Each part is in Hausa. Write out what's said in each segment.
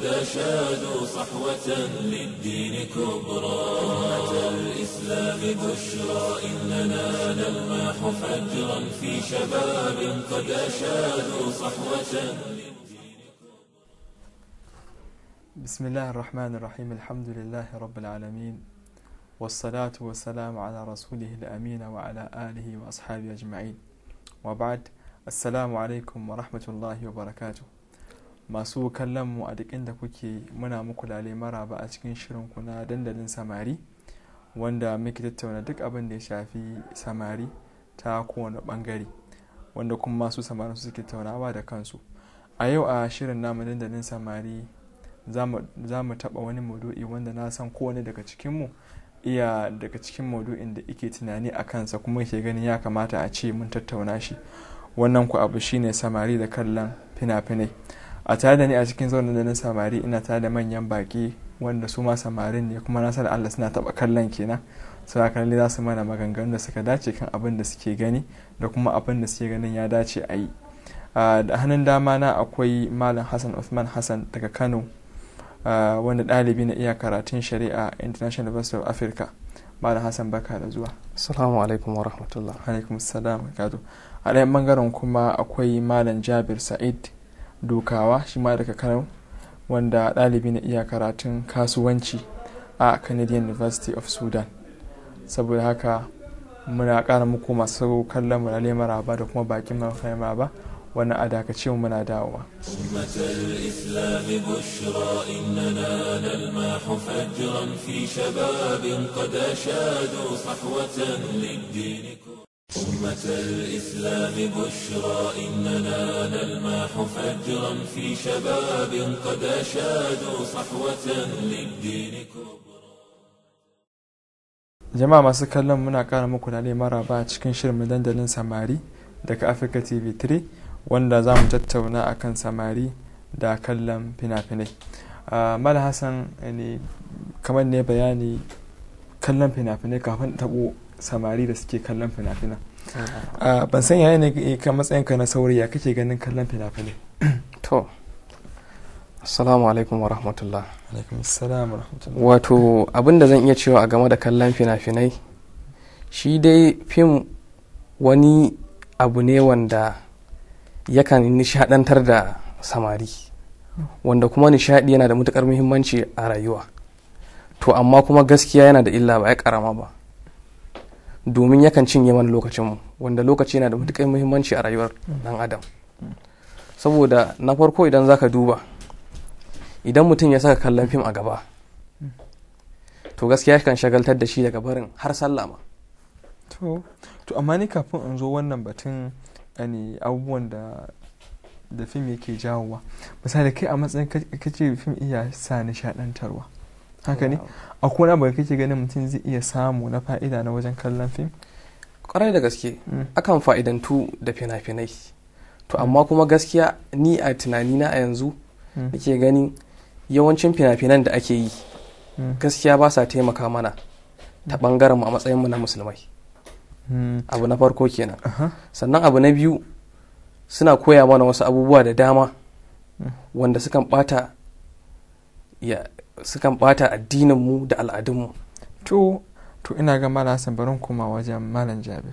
قد أشادوا صحوة للدين كبرى أمة الإسلام بشرى إننا نلمح فجرا في شباب قد أشادوا صحوة بسم الله الرحمن الرحيم الحمد لله رب العالمين والصلاة والسلام على رسوله الأمين وعلى آله وأصحابه أجمعين وبعد السلام عليكم ورحمة الله وبركاته masu kallon mu a duk inda kuke muna muku lale maraba a cikin shirin kuna dandalin samari wanda muke tattauna duk abin da ya shafi samari ta kowane bangare wanda kuma masu samari su suke taunawa da kansu a yau a shirin namu dandalin samari za mu taɓa wani maudu'i wanda na san kowane daga cikinmu iya daga cikin maudu'in da ike tunani a kansa kuma ke ganin ya kamata a ce mun tattauna shi wannan ku abu shine samari da kallon fina-finai a tare da ni a cikin zaunin da na samari ina tare da manyan baki wanda su ma samarin ne kuma na san Allah suna taba kallon kenan su kalli za su mana maganganu da suka dace kan abin da suke gani da kuma abin da suke ganin ya dace a yi da hannun dama na akwai malam hassan usman hassan daga kano wanda ɗalibi na iya karatun shari'a international university of africa malam hassan baka da zuwa assalamu alaikum wa rahmatullah alaikum salam a ɗayan bangaren kuma akwai malam jabir sa'id dokawa shi ma daga kano wanda ɗalibi na iya karatun kasuwanci a canadian university of sudan saboda haka muna ƙara muku masu kallon mulale maraba da kuma bakin marafai maraba wani a dakace muna dawowa أمة الإسلام بشرى إننا نلماح فجرا في شباب قد أشادوا صحوة للدين كبرى جماعة masu kallon muna kara muku da maraba a cikin shirin dandalin samari daga Africa TV 3 wanda za mu tattauna akan samari da kallon fina-finai. Mala Hassan ne kamar ne bayani kallon fina-finai kafin tabo samari da suke kallon fina fina ah. ah, ban san yayin ne ka matsayin ka na ya kake ganin kallon fina-finai to assalamu alaikum wa rahmatullah wato abinda zan iya cewa a game da kallon fina-finai shi dai fim wani abu ne wanda yakan nishadantar da samari wanda kuma nishadi yana da matukar muhimmanci a rayuwa to amma kuma gaskiya yana da illa ba ya karama ba domin yakan cinye mana lokacinmu wanda lokaci yana da matuƙar muhimmanci a rayuwar ɗan adam saboda na farko idan zaka duba idan mutum ya saka kallon fim a gaba to gaskiya kan shagaltar da shi daga barin har sallah ma to amma ni kafin in zo wannan batun ne abubuwan da da fim yake jawowa misali kai a matsayin kace fim iya sa nishadantarwa haka ne a kuna ba kake ganin mutum zai iya samu na fa'ida na wajen kallon fim kwarai da gaske mm. akan fa'idantu da fina-finai to mm. amma kuma gaskiya ni a tunanina a yanzu mm. nake ganin yawancin fina-finan da ake yi gaskiya ba sa taimaka mana ta bangaren mu a matsayinmu na musulmai abu na farko kenan sannan abu na biyu suna koya mana wasu abubuwa da dama wanda sukan bata ya sukan bata addininmu mu da al'adunmu to to ina ga malam hassan barin kuma wajen malam jabir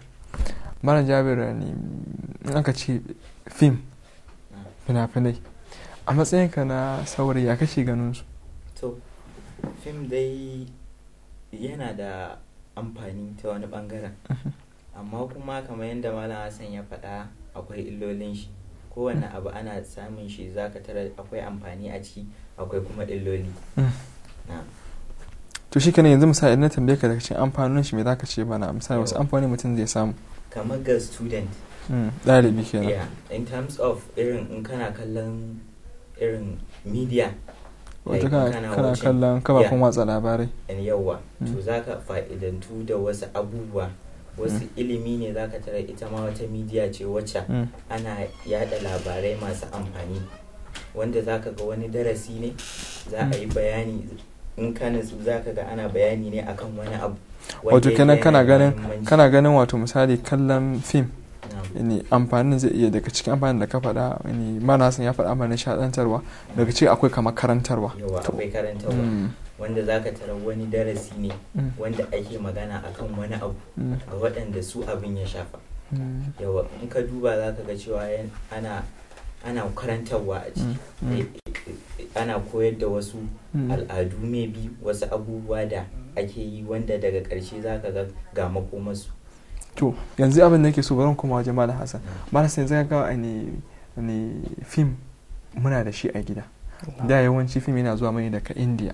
malam jabir eh, ne in aka ce fim fina-finai a matsayinka na saurayi ya kashe ganin su to fim dai yana da amfani ta wani bangaren mhm. amma kuma kamar yadda malam hassan ya faɗa akwai illolin shi kowane abu ana samun shi zaka tara akwai amfani a ciki akwai kuma illoli hmm. to shi kane yanzu misali na tambaye ka daga cikin amfanin shi me zaka ce bana misali wasu amfani mutum zai samu kamar ga student hmm, ɗalibi kenan nan in terms of irin in kana kallon irin media wata kana kallon kafafen watsa labarai yawa to hmm. zaka fa'idantu da wasu abubuwa wasu ilimi ne zaka tara ita ma wata media ce wacce ana yada labarai masu amfani wanda za ka ga wani darasi ne za a yi bayani in kana su za ka ga ana bayani ne akan wani abu wato kenan kana ganin kana ganin wato misali kallon fim ne amfanin zai iya daga cikin amfanin da ka faɗa ne sun ya faɗa mana shaɗantarwa daga cikin akwai kamar karantarwa yawa akwai karantarwa mm. wanda za ka tara wani darasi ne mm. wanda ake magana akan wani abu mm. ga waɗanda su abin ya shafa yawa in ka duba za ka ga cewa ana ana karantarwa a ciki mm. eh, ana koyar da wasu mm. al'adu mai biyu wasu abubuwa da ake yi wanda daga karshe za ka ga ga makomarsu to yanzu abin da ke so bari kuma wajen malam hassan mm. malam hassan zai ga ne ne fim muna da shi a gida da yawanci fim yana zuwa mai daga india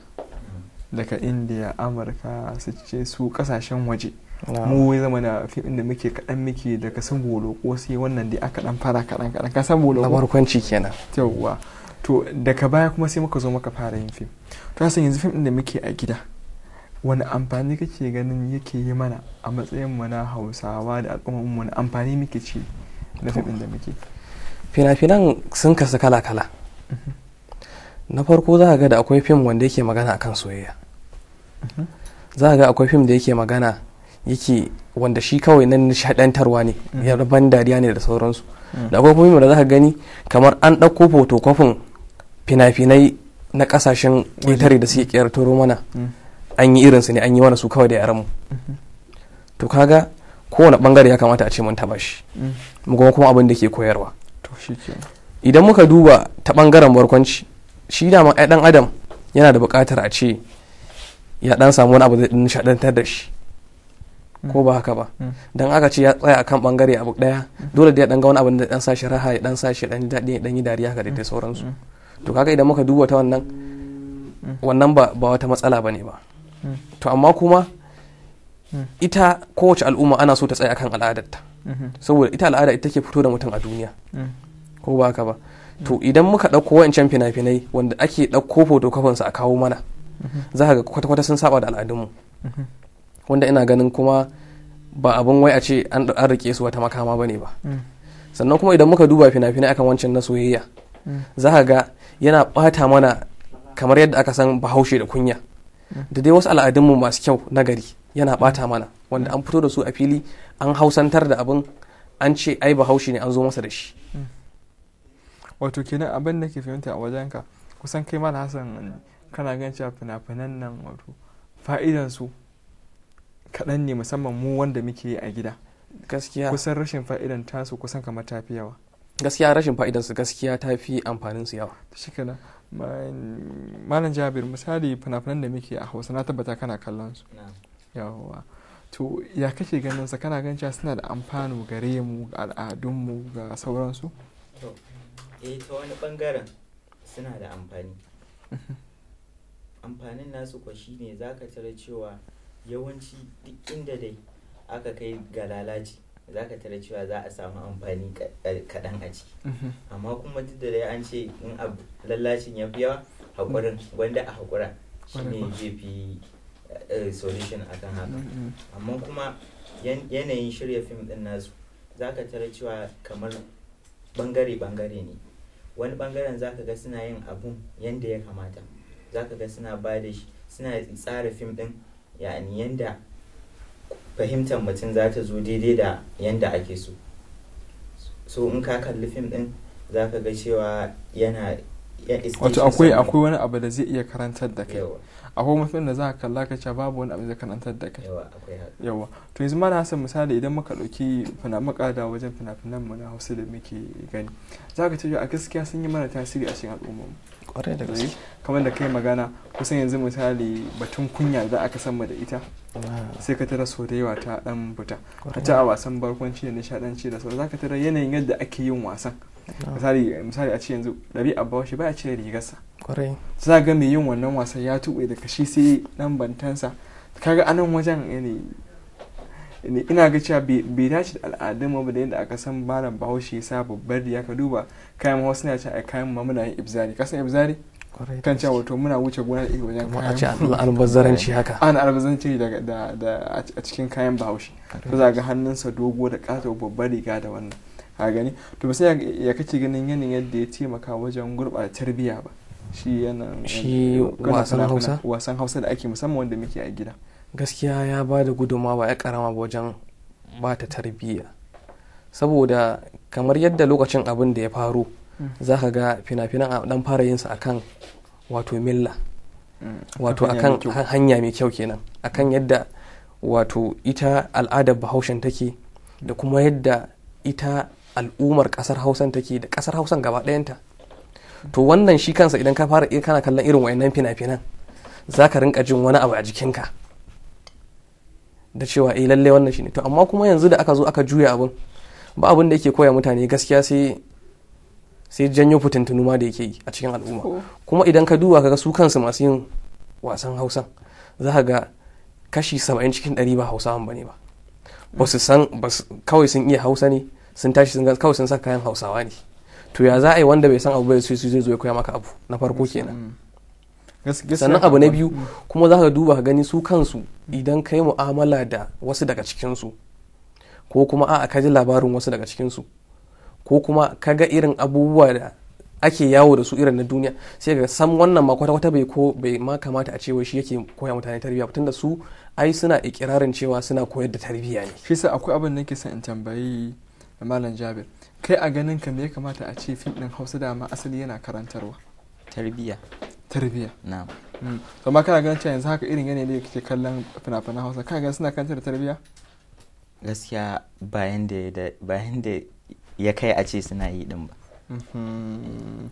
daga india amurka su ce su kasashen waje mu zama na inda muke kaɗan muke da ka san bolo ko sai wannan dai aka dan fara kaɗan kaɗan ka san bolo barkwanci kenan yawwa to daga baya kuma sai muka zo muka fara yin fim to san yanzu fim din da muke a gida wani amfani kake ganin yake yi mana a matsayin mu na hausawa da al'ummar mu na amfani muke ci na fim din da muke fina-finan sun kasu kala-kala mm-hmm. na farko za ga da akwai fim wanda yake magana akan soyayya mm-hmm. za ga akwai fim da yake magana yake wanda shi kawai nan nishadantarwa ne mm. ya ban dariya ne da sauransu mm. da akwai kuma da za gani kamar an ɗauko fotokofin fina-finai na ƙasashen ƙetare da suke ƙyar toro mana mm. an yi irinsu ne an yi wani su kawai da yaran mu mm-hmm. to kaga kowane bangare ya kamata a ce mun taba shi mu kuma kuma abin da ke koyarwa idan muka duba ta bangaren barkwanci shi dama ɗan adam yana da buƙatar a ce ya ɗan samu wani abu zai nishaɗantar da shi ko ba haka ba mm. don aka ce ya tsaya akan bangare abu daya dole da ya dan ga wani abin da dan sashi raha ya dan sashi dan ya dan yi dariya ga daidai dai mm. sauransu mm. to kaga idan muka duba ta wannan wannan ba ba wata matsala bane ba to amma kuma ita kowace al'umma ana so ta tsaya akan ta mm-hmm. saboda ita al'ada ita take fito da mutum a duniya ko ba haka ba to idan muka ɗauko wancan fina-finai wanda ake ɗauko fotokafinsa a kawo mana mm-hmm. za ka ga kwata-kwata sun saba da al'adunmu mm-hmm. wanda ina ganin kuma ba abin wai a ce an rike su wata makama ba ne mm. ba sannan kuma idan muka duba fina-finai akan wancan na soyayya mm. za ka ga yana bata mana kamar yadda aka san bahaushe da kunya mm. da dai wasu al'adunmu masu kyau na gari yana bata mana wanda an fito da su a fili an hausantar da abin an ce ai bahaushe ne an zo masa da shi wato kenan abin da ke fahimta a wajenka kusan kai mana hasan kana gan cewa fina-finan nan wato fa'idansu kaɗan ne musamman mu wanda muke yi a gida gaskiya kusan rashin fa'idan tasu kusan kamar ta fi yawa gaskiya rashin fa'idan su gaskiya ta fi amfanin su yawa shi kana malam jabir misali fina-finan da muke a hausa na tabbata kana kallon su yawa to ya kake ganin sa kana ganin suna da amfano gare mu ga mu ga sauransu to eh ta wani bangaren suna da amfani amfanin nasu ko shine zaka tare cewa yawanci duk inda dai aka kai ga lalaci za ka tara cewa za a samu amfani eh, kaɗan a ciki mm-hmm. amma kuma duk da dai an ce in lalacin ya fi yawa haƙurin mm-hmm. wanda a haƙura shine zai fi eh, solution akan haka mm-hmm. amma kuma yanayin shirya fim ɗin nasu za ka tara cewa kamar bangare-bangare ne wani bangaren za ka ga suna yin abun yadda ya kamata za ka ga suna ba da shi suna tsara fim ɗin yani yanda fahimtar mutum za ta zo daidai da yanda ake so so in ka kalli fim din za ka ga cewa yana wato akwai akwai wani abu da zai iya karantar da kai akwai mafi da za ka kalla ka ce babu wani abu zai karantar da kai yawa to yanzu ma na san misali idan muka dauki fina wajen fina-finan mu na hausa da muke gani za ka ce a gaskiya sun yi mana tasiri a cikin al'ummar mu kwarai da gaske eh, kamar da kai magana kusan yanzu misali batun kunya da aka sama da ita ah. sai ka tara sau da yawa ta dan ka ci a wasan barkwanci da nishadanci da za ka tara yanayin yadda ake yin wasan ah. misali a ce yanzu ɗabi'a shi baya cire rigarsa kwarai za ga mai yin wannan wasan ya tuɓe daga shi sai dan bantansa kaga anan wajen ne eh, ina ga cewa bai dace da al'adun mu da yadda aka san malam bahaushe sa babbar ya ka duba kayan ma wasu na ce ai kayan ma muna yin ibzari kasan ibzari kan cewa wato muna wuce gona da iri wajen kayan a ce albazaranci haka an albazaranci da a cikin kayan bahaushe to za ga hannunsa dogo da ƙato babbar riga da wannan a gani to ba sai ya kace ganin yanin yadda ya taimaka wajen gurɓata tarbiyya ba shi yana shi wasan hausa wasan hausa da ake musamman wanda muke a gida gaskiya ya ba da gudunmawa ya karama wajen ba ta tarbiyya saboda kamar yadda lokacin abin da ya faru mm. za ka ga fina-finan a dan fara yinsa kan, wato milla wato a kan mm. hanya mai kyau kenan A kan mm. yadda wato ita al'adar bahaushen take da kuma yadda ita al'ummar kasar hausan take da kasar hausan gaba ɗayanta to wannan shi kansa idan ka fara kana kallon irin wayannan fina-finan za ka rinka jin wani abu a jikinka da cewa eh lalle wannan shine to amma kuma yanzu da aka zo aka juya abun ba abin da yake koya mutane gaskiya sai sai janyo fitintunu ma da yake yi a cikin al'umma kuma idan ka duba ga su kansu masu yin wasan hausan za ka ga kashi saba'in cikin ɗari ba ba ne ba ba su san kawai sun iya hausa ne sun tashi sun kawai sun saka kayan hausawa ne to ya za a yi wanda bai san abu bai su zai zo ya koya maka abu na farko kenan mm. sannan abu na biyu kuma za ka duba ka gani su kansu idan ka yi mu'amala da wasu daga cikinsu ko kuma a'a ka ji labarin wasu daga cikinsu ko kuma ka ga irin abubuwa da ake yawo da su irin na duniya sai ga san wannan ma kwata-kwata bai ko bai ma kamata a cewa shi yake koya mutane tarbiyya da su ai suna ikirarin cewa suna koyar da tarbiyya ne shi sa akwai abin da nake son in tambayi malam Jabir kai a ganin ka me ya kamata a ce fim din Hausa dama asali yana karantarwa tarbiyya tarbiyya na'am mm. to ma kana ganin cewa yanzu haka irin yanayin da kake kallon fina-finan Hausa kana ganin suna kantar tarbiyya gaskiya bayan da bayan da ya kai a ce suna yi din ba mm-hmm.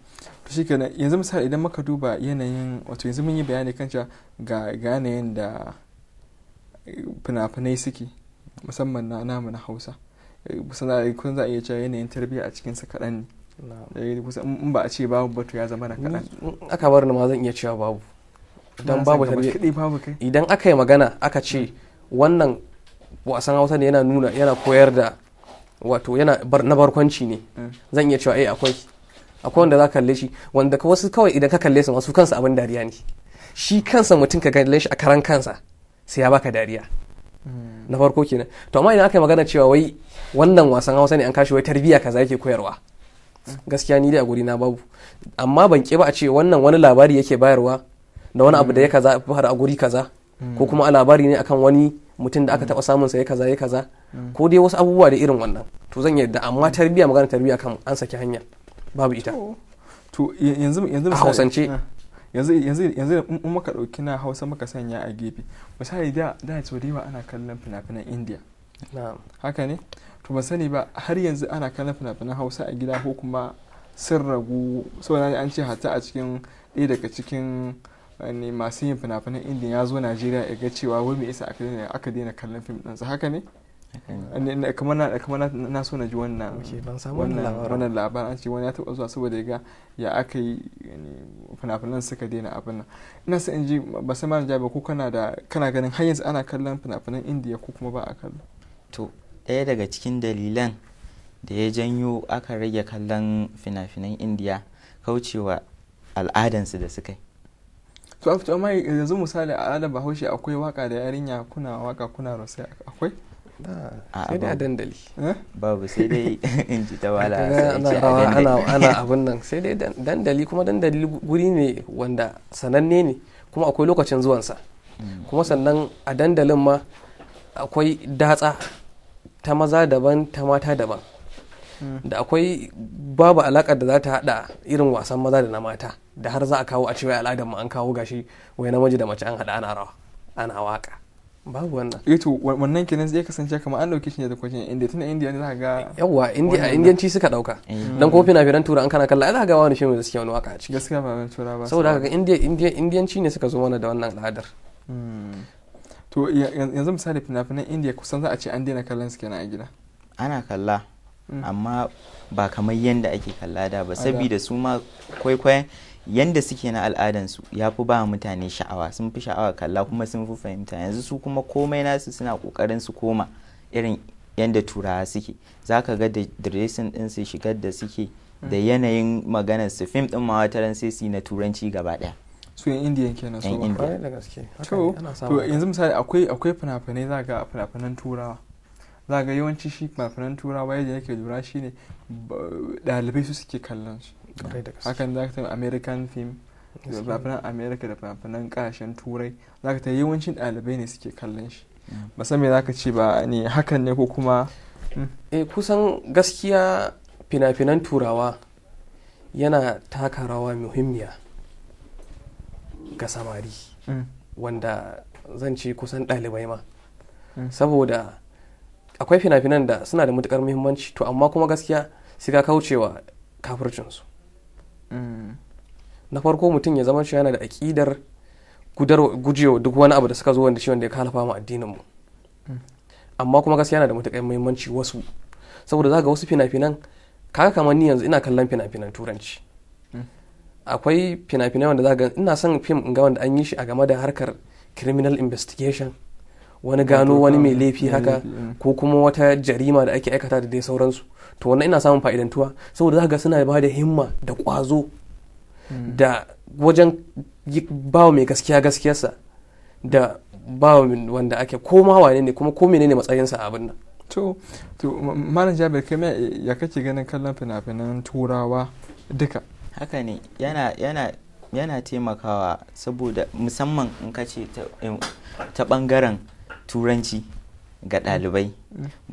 shi kenan yanzu misali idan muka duba yanayin wato yanzu mun yi bayani kan cewa ga yanayin da fina-finai suke musamman na namu na hausa eh, kusan za a iya cewa yanayin tarbiyya a cikinsa kaɗan ne Eh, in ba a ce babu ya zama na kaɗan aka bar ni ma zan iya cewa babu idan babu idan aka yi magana aka ce wannan wasan hausa ne yana nuna yana koyar da wato yana na barkwanci ne eh. zan iya cewa eh akwai akwai wanda za ka kalle shi wanda wasu kawai idan ka kalle su masu kansa abin dariya ne shi kansa mutum ka kalle shi a karan kansa sai ya baka dariya hmm. na farko kenan to amma idan aka yi magana cewa wai wannan wasan hausa ne an kashi wai tarbiyya kaza yake koyarwa gaskiya ni dai a guri na babu amma ban ba a ce wannan wani labari yake bayarwa da wani abu da ya mm. kaza fara a guri kaza ko kuma a mm. labari ne akan wani mutum da aka mm. taba samun sa ya kaza ya kaza ko dai wasu abubuwa da irin wannan to zan yadda amma tarbiya magana tarbiya kan an saki hanya babu ita to yanzu yanzu a hausance ah. yanzu yanzu yanzu in muka dauki na hausa muka sanya a gefe misali da da to da ana kallon fina-finan indiya haka ne to ba sani ba har yanzu ana kallon fina-finan hausa a gida ko kuma sun ragu saboda an ce hatta a cikin ɗaya daga cikin ne eh, masu yin fina-finan inda ya zo najeriya ya ga cewa wai me yasa aka daina kallon fim ɗinsa haka ne kamar na so na ji wannan wannan labarin an ce wani ya taɓa zuwa saboda ya ga ya aka yi fina-finan suka daina abin nan ina sa in ji ba sai ma ba ko kana da kana ganin har yanzu ana kallon fina-finan indiya ko kuma ba a kallo to ɗaya daga cikin dalilan da ya janyo aka rage kallon fina-finan indiya kaucewa al'adansu da suka yi to after amma yanzu misali a alaba bahaushe akwai waka da yarinya kuna waka kuna rosai akwai sai dai a dandali eh? babu sai dai in ji tawala ana abin nan sai dai dandali kuma dandali guri ne wanda sananne ne kuma akwai lokacin zuwansa hmm. kuma sannan a dandalin ma akwai datsa ta maza daban ta mata daban da akwai babu alaƙar da za ta haɗa irin wasan maza da na mata da har za a kawo a cewa al'adar mu an kawo gashi wai namiji da mace an haɗa ana rawa ana waka babu wannan yato eh wannan kenan zai kasance kamar an dauke shi ne da kwacin inda tun indiya ne za ga yawa indiya indiyanci suka dauka eh. dan ko fina firan tura an kana kalla ai za ga wani shi da suke wani waka a ciki gaskiya ba tura ba saboda haka indiya indiyanci ne suka zo mana da wannan al'adar hmm. to yanzu misali fina-finan india kusan za a ce an daina kallon su kenan a gida ana kalla hmm. amma ba kamar yadda ake kalla da ba saboda su ma kwaikwayon yadda suke na al'adansu ya fi ba mutane sha'awa sun fi sha'awa kalla kuma sun fi fahimta yanzu su kuma komai nasu suna kokarin su koma irin yadda turawa suke za ka ga da dressing din su shigar da suke da hmm. yanayin maganar su fim din ma sai su na turanci gaba daya su yan indiya kenan su ba da gaske to yanzu misali akwai akwai fina-finai za ga fina-finan turawa za ga yawanci shi fina-finan turawa yadda yake lura shi ne dalibai su suke kallon su hakan za ka american film da fina-finan america da fina-finan kasashen turai za ka ta yawancin dalibai ne suke kallon shi mm. ba me za ka ce ba ne hakan ne ko kuma hmm. eh, kusan gaskiya fina-finan turawa yana taka rawa muhimmiya ga samari mm. wanda zan ce kusan ɗalibai ma mm. saboda akwai fina-finan da suna da matukar muhimmanci to amma kuma gaskiya sai ka kaucewa kafircinsu mm. na farko mutum ya zama yana da aƙidar gujewa duk wani abu da suka zo wanda shi wanda ya kalafa mu addininmu amma kuma gaskiya yana da matukar muhimmanci wasu saboda za ga wasu fina-finan kaga kamar ni yanzu ina kallon fina-finan turanci akwai fina-finai wanda za ga ina son fim in ga wanda an yi shi a game da harkar criminal investigation wani gano wani mai laifi haka eh. ko kuma wata jarima da ake aikata da dai sauransu to wannan ina samun fa'idantuwa saboda za ga suna ba da himma da kwazo hmm. da wajen ba mai gaskiya gaskiyarsa da ba wanda ake koma wane ne kuma ko menene matsayinsa a abin nan to to malam jabir kai ya kake ganin kallon fina-finan turawa duka haka ne yana yana yana taimakawa saboda musamman in ka ce ta bangaren turanci ga dalibai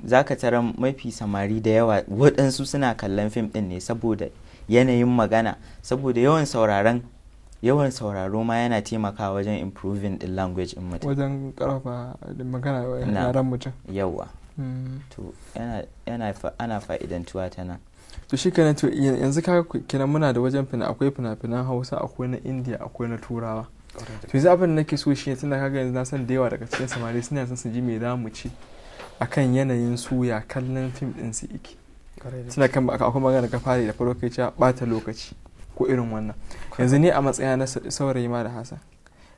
za ka tara mafi samari da yawa waɗansu suna kallon fim ɗin ne saboda yanayin magana saboda yawan sauraron yawan sauraro ma yana taimakawa wajen improving the language in mutum wajen karfafa magana yaran mutum yawa hmm. to ana fa'idantuwa ta nan to shi kenan to yanzu ka kenan muna da wajen fina akwai fina-finan hausa akwai na india akwai na turawa to yanzu abin da nake so shi tunda kaga yanzu na san da yawa daga cikin samari suna son su ji me za mu ci akan yanayin suya kallon fim din su iki suna kan akwai magana ka fara da farko kai cewa bata lokaci ko irin wannan yanzu ne a matsaya na saurayi ma da hasa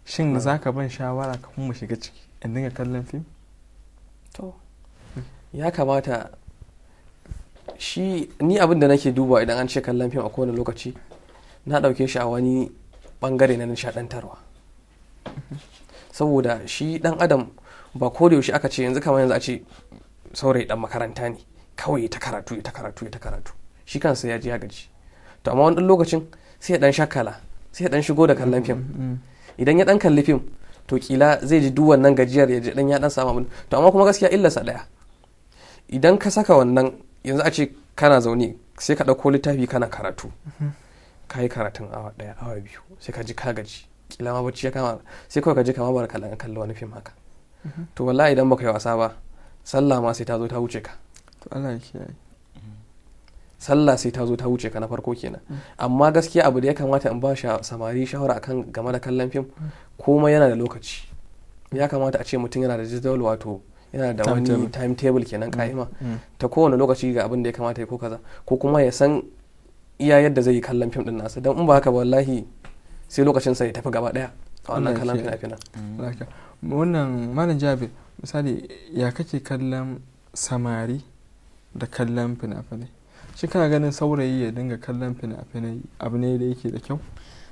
shin za ka ban shawara kafin mu shiga ciki in dinga kallon fim to hmm. ya kamata shi ni abin da nake duba idan an ce kallon fim a kowane lokaci na ɗauke shi a wani bangare na nishaɗantarwa saboda shi dan adam ba ko da yaushe aka ce yanzu kamar yanzu a ce saurayi dan makaranta ne kawai ta karatu ta karatu ta karatu shi kansa ya ji ya gaji to amma wani lokacin sai ya ɗan shakala sai ya ɗan shigo da kallon fim idan ya ɗan kalli fim to kila zai ji duk wannan gajiyar ya ji ɗan ya ɗan samu abin to amma kuma gaskiya illarsa ɗaya idan ka saka wannan yanzu a ce kana zaune sai ka ɗauko littafi kana karatu mm-hmm. ka yi karatun awa ɗaya awa biyu sai ka ji ka gaji kila ma bacci ya kama sai kawai ka ji kama barka an kalli wani fim haka mm-hmm. to wallahi idan baka yi wasa ba sallah ma sai ta zo ta wuce ka to Allah ya kiyaye mm-hmm. sallah sai ta zo ta wuce ka na farko kenan amma gaskiya abu da ya kamata in ba samari shawara akan game da kallon fim komai yana da lokaci ya kamata a ce mutum yana da jadawal wato yana da wani timetable kenan ka'ima mm. mm. ta kowane lokaci ga abin da ya kamata ya ko kaza ko kuma ya san iya yadda zai yi kallon fim din nasa don in ba haka wallahi sai lokacin sa ya tafi gaba daya a wannan kallon fina-finan mm. wannan malam jabir misali ya kake kallon samari da kallon fina-finai shi kana ganin saurayi ya dinga kallon fina-finai abu ne da yake da kyau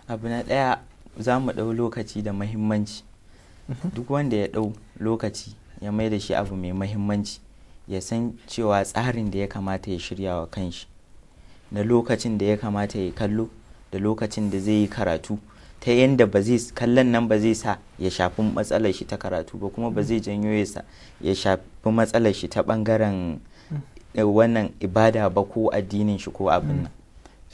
abu na ɗaya za mu ɗau lokaci da muhimmanci mm-hmm. duk wanda ya ɗau lokaci ya mai da shi abu mai mahimmanci ya san cewa tsarin da ya kamata ya shirya wa kanshi na lokacin da ya kamata ya kallo da lokacin da zai yi karatu ta yadda ba zai kallon nan ba zai sa ya shafi matsalar shi ta karatu ba kuma ba zai janyo ya shafi matsalar shi ta bangaren eh, wannan ibada ba ko addinin shi ko abin nan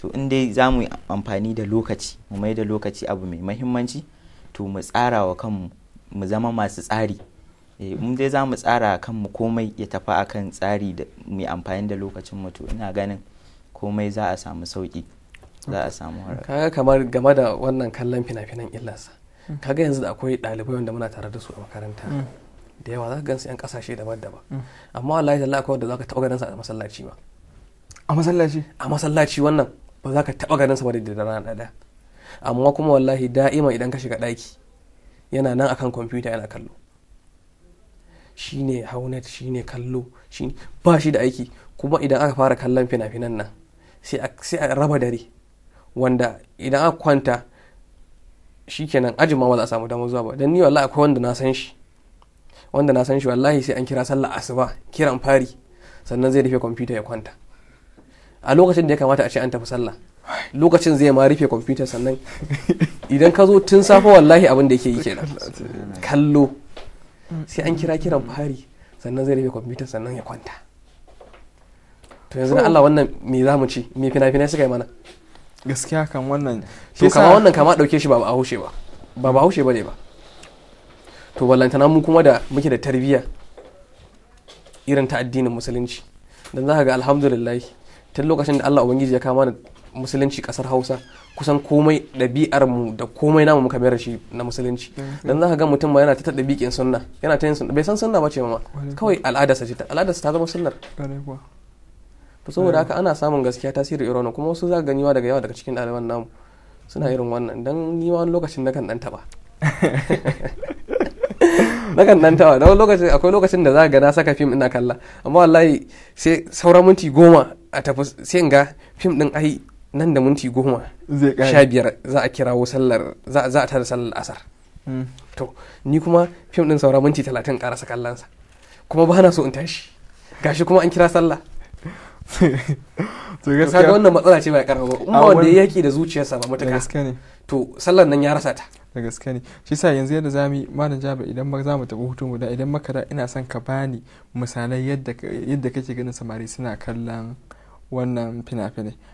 so in dai za mu amfani da lokaci mu mai da lokaci abu mai mahimmanci to mu tsara wa kanmu mu zama masu tsari Eh, mun dai za mu tsara kanmu komai ya tafi akan tsari da mai amfani da lokacin mutu ina ganin komai za a samu sauki za a samu haraka kaga kamar game da wannan kallon fina-finan illarsa mm. kaga yanzu da akwai ɗalibai wanda muna tare da su a makaranta mm. da yawa za ka gansu 'yan kasashe daban-daban mm. amma wallahi da akwai wanda za ka taɓa ganin sa a masallaci ba a masallaci a masallaci wannan ba za ka taɓa ganin sa ba da rana ɗaya amma kuma wallahi da'ima idan ka shiga ɗaki yana nan akan kwamfuta yana kallo shine haunet shine kallo shi ba shi da aiki kuma idan aka fara kallon fina-finan nan sai a raba dare wanda idan aka kwanta shikenan ajima ba za a samu damar zuwa ba don ni wallahi akwai wanda na san shi wanda na san shi wallahi sai an kira sallah asuba kiran fari sannan zai rufe kwamfuta ya kwanta a lokacin da ya kamata a ce an tafi sallah lokacin zai ma rufe kwamfuta sannan idan ka zo tun safe wallahi abin da yake yi kenan kallo sai an kira kiran fari sannan zai rufe kwamfuta sannan ya kwanta to yanzu Allah wannan me za mu ci me fina-finai suka yi mana gaskiya kan wannan to kama wannan kama dauke shi ba ba haushe ba ba ba haushe bane ba to ballantana mu kuma da muke da tarbiyya irin ta addinin musulunci dan za ga alhamdulillah tun lokacin da Allah ubangiji ya kama musulunci kasar Hausa kusan komai ɗabi'ar mu da komai namu muka mayar shi na musulunci mhm. dan zaka ga mutum ma yana ta ɗabiƙin sunna yana ta yin sunna bai san sunna ba ce ma kawai al'ada sa ce ta al'ada ta zama sunnar to saboda eh. haka ana samun gaskiya tasiri irin kuma wasu za ganiwa daga yawa daga cikin ɗaliban namu suna irin wannan dan ni wani lokacin na kan ɗan taɓa. na kan ɗan taɓa. da lokacin akwai lokacin da za ga na saka fim ina kalla amma wallahi sai sauran minti goma a tafi sai in ga fim din ai nan da minti goma sha biyar za a kirawo sallar za a tada sallar asar hmm. to ni kuma fim din saura minti talatin karasa kallonsa kuma ba na so in tashi gashi kuma an kira sallah to gaskiya wannan matsala ce mai karawa ba kuma wanda ya yaki da zuciyarsa ba mutaka gaskiya ne to sallar nan ya rasa ta da gaske ne shi sa yanzu yadda zamu malam jaba idan ba za mu hutu mu da idan maka da ina son ka bani misalai yadda kake ganin samari suna kallon wannan fina-finai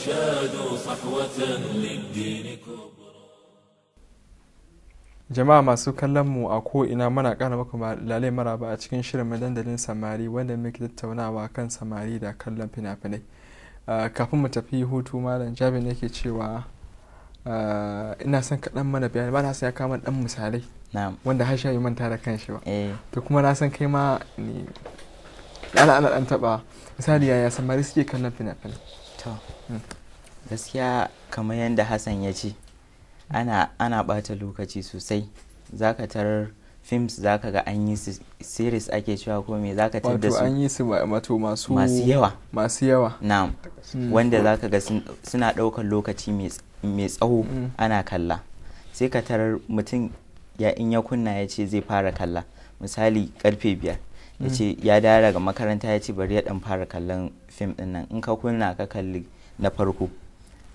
صحوة للدين jama'a masu kallon mu a ko ina mana kana muku lalai maraba a cikin shirin madandalin dandalin samari wanda muke tattaunawa kan samari da kallon fina-finai kafin mu tafi hutu malam jabin yake cewa ina son kaɗan mana bayani ba na san ya kama ɗan misalai wanda har shayi manta da kan shi ba eh. to kuma na san kai ma ne ala ana ɗan taɓa misali yaya samari suke kallon fina-finai gaskiya kamar yadda hassan ya ce ana ana bata lokaci sosai zaka tarar films ka ga an yi series ake cewa ko me za tar da su an yi su masu yawa masu yawa na'am hmm. wanda za ka ga suna ɗaukar lokaci mai tsawo hmm. ana kalla sai ka tarar mutum ya in ya kunna ya ce zai fara kalla misali karfe biyar ya hmm. ce ya dara ga makaranta ya ce bari ya dan fara kallon fim din in ka kunna ka kalli na farko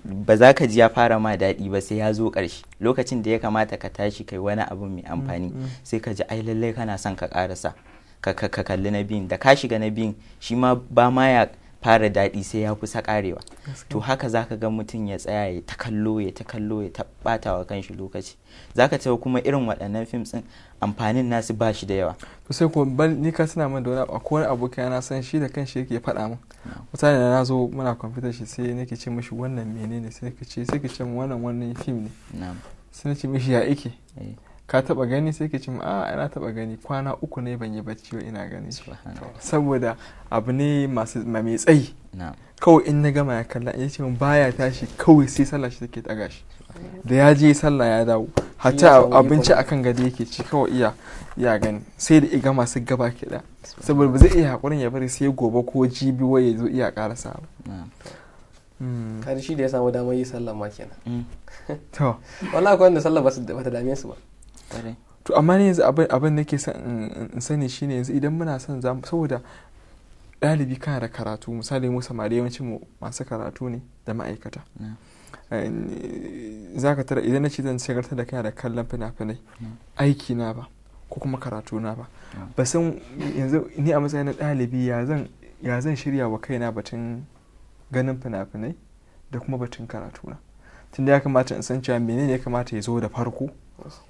ba za ka ji ya fara ma daɗi ba sai ya zo ƙarshe lokacin da ya kamata ka tashi kai wani abu mai amfani mm, mm. sai ka ji ai lallai kana son ka ƙarasa ka kalli na biyun da ka shiga na biyun shi ma ba ma ya fara daɗi sai ya kusa karewa to haka zaka ga mutum ya tsaya ya ta kallo ya ta kallo ya ta wa kanshi lokaci zaka ta kuma irin waɗannan fim din amfanin nasu ba shi da yawa to sai ko ban ni ka suna min da wani akwai wani aboki na san shi da kanshi yake faɗa min mutane na zo muna computer shi sai nake ce mishi wannan menene sai nake ce sai ce wannan wannan fim ne sai nake mishi ya yake eh. ka taba gani sai ke cin a na taba gani kwana uku ne ban yi bacci ba ina gani saboda abu ne masu mai tsayi kawai in na gama ya kalla ya ce baya tashi kawai sai sallah shi take taga shi da ya je sallah ya dawo hatta abinci akan gado yake ci kawai iya ya gani sai da iga masu gaba da. saboda ba zai iya hakurin ya bari sai gobe ko jibi wai ya zo iya karasa ba hmm. kare shi da ya samu damar yi sallah ma kenan mm. to wallahi akwai wanda sallah ba ta dame su ba to amma ne yanzu abin da ke sani shi shine yanzu idan muna son zamu saboda ɗalibi kana da karatu misali mu samari yawancin masu karatu ne da ma'aikata eh, za ka tara idan na ce zan shagarta da kana da kallon fina-finai aiki na ba ko kuma karatu na ba ba san yanzu ni a matsayin ɗalibi ya zan shirya wa kaina batun ganin fina-finai da kuma batun karatu na tunda ya kamata in san cewa menene ya kamata ya zo da farko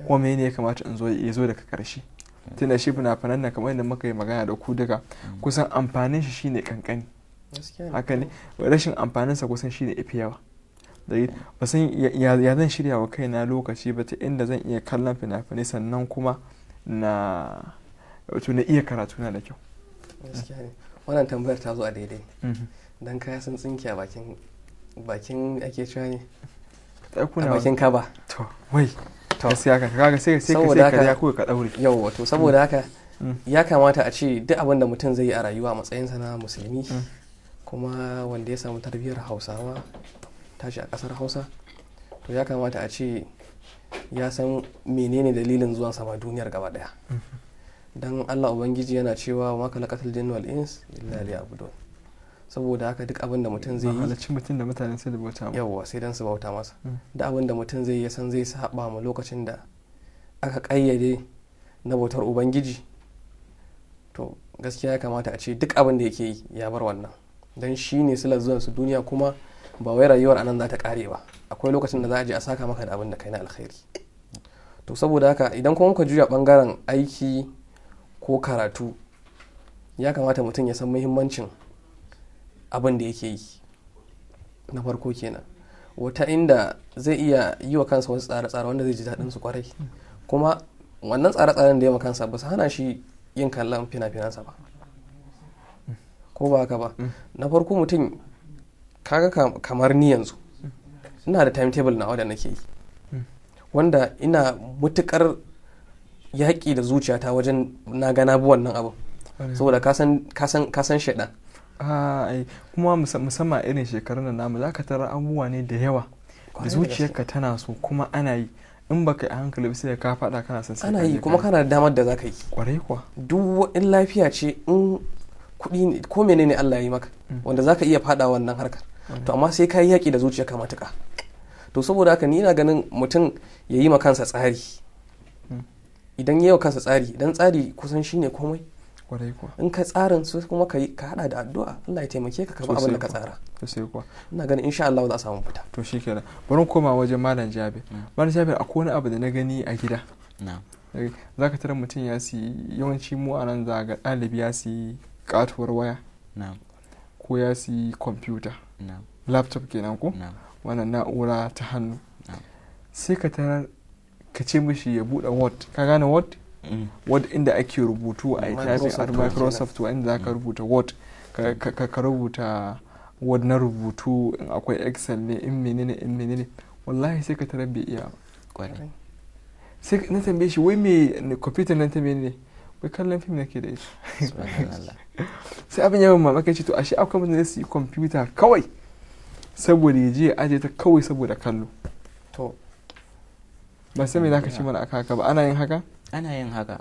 kuma mene ya kamata in zo ya zo daga karshe tunda shi fina fanan na kamar yadda muka yi magana da ku daga. Mm. kusan amfanin shi shine kankani haka ne rashin sa kusan shine ifi yawa ba san ya zan shirya wa kaina lokaci ba ta inda zan iya kallon fina-finai sannan kuma na wato na iya karatu na da kyau wannan tambayar ta zo a daidai mm-hmm. don kaya sun tsinke a bakin bakin ake cewa ne a bakin kaba to wai gaskiya ka kaga sai ka daure to saboda haka mm. Mm. ya kamata a ce duk abin da mutum zai yi a rayuwa a matsayinsa na musulmi mm. kuma wanda ya samu tarbiyyar hausawa tashi a kasar hausa to ya kamata a ce ya san menene dalilin zuwan sama duniyar gaba daya mm-hmm. don allah ubangiji yana cewa maka lakatul jinnu wal ins illa liya'budun saboda haka duk abin da mutum zai yi halaccin mutum da mutane sai da bauta masa yawwa sai dan su bauta masa hmm. da abin da mutum zai yi san zai saba ma lokacin da aka kayyade na bautar ubangiji to gaskiya ya kamata a ce duk abin da yake yi ya bar wannan dan shi ne silar zuwan su duniya kuma ba wai rayuwar anan za ta kare ba akwai lokacin da za a je a saka maka da abin da kai na alkhairi to saboda haka idan kuma muka juya bangaren aiki ko karatu ya kamata mutum ya san muhimmancin abin da yake yi na farko kenan wata inda zai iya yi wa kansa wasu tsare-tsare wanda zai ji daɗin su kwarai kuma wannan tsare-tsaren da ya kansa ba su hana shi yin kallon fina-finansa ba ko ba haka ba na farko mutum kaga kamar ni yanzu ina da timetable na da nake yi wanda ina mutukar yaƙi da zuciyata wajen na gana buwan wannan abu saboda kasan shaɗa kuma musamman irin shekarun nan namu za ka tara abubuwa ne da yawa da zuciyarka tana so kuma ana yi in baka a hankali ba sai ka faɗa kana son sai ana yi kuma kana da damar da zaka yi kwarai kuwa duk in lafiya ce in kuɗi ne ko menene Allah ya yi maka mm. wanda zaka iya faɗa wannan harkar mm. to amma sai ka yi yaƙi da zuciyarka matuƙa to saboda haka ni ina ganin mutum ya yi ma kansa tsari mm. idan wa kansa tsari idan tsari kusan shine komai in ka tsarin su kuma ka hada da addu'a Allah ya taimake ka kama abin da ka tsara sosai kuwa ina ganin insha Allah za a samu fita to shikenan bari koma wajen malam Jabir mm. malam Jabir akwai wani abu da na gani a gida eh, za ka tarar mutum ya si yawanci mu a nan za ga ɗalibi ya si katuwar waya ko ya si kwamfuta laptop kenan ko wannan na'ura ta hannu sai ka tarar ka ce mishi ya buɗe word ka gane word wadda inda ake rubutu a typing a microsoft inda za ka rubuta word ka rubuta word na rubutu in akwai excel ne in menene in menene wallahi sai ka tarar bai iya sai na tambaye shi wai me computer nan ta menene wai kallon fim nake da ita sai abin yawan mamakai ce to ashe akwai mutane su yi computer kawai saboda ya je ya aje ta kawai saboda kallo to ba sai mai za ka ci mana aka haka ba ana yin haka ana yin haka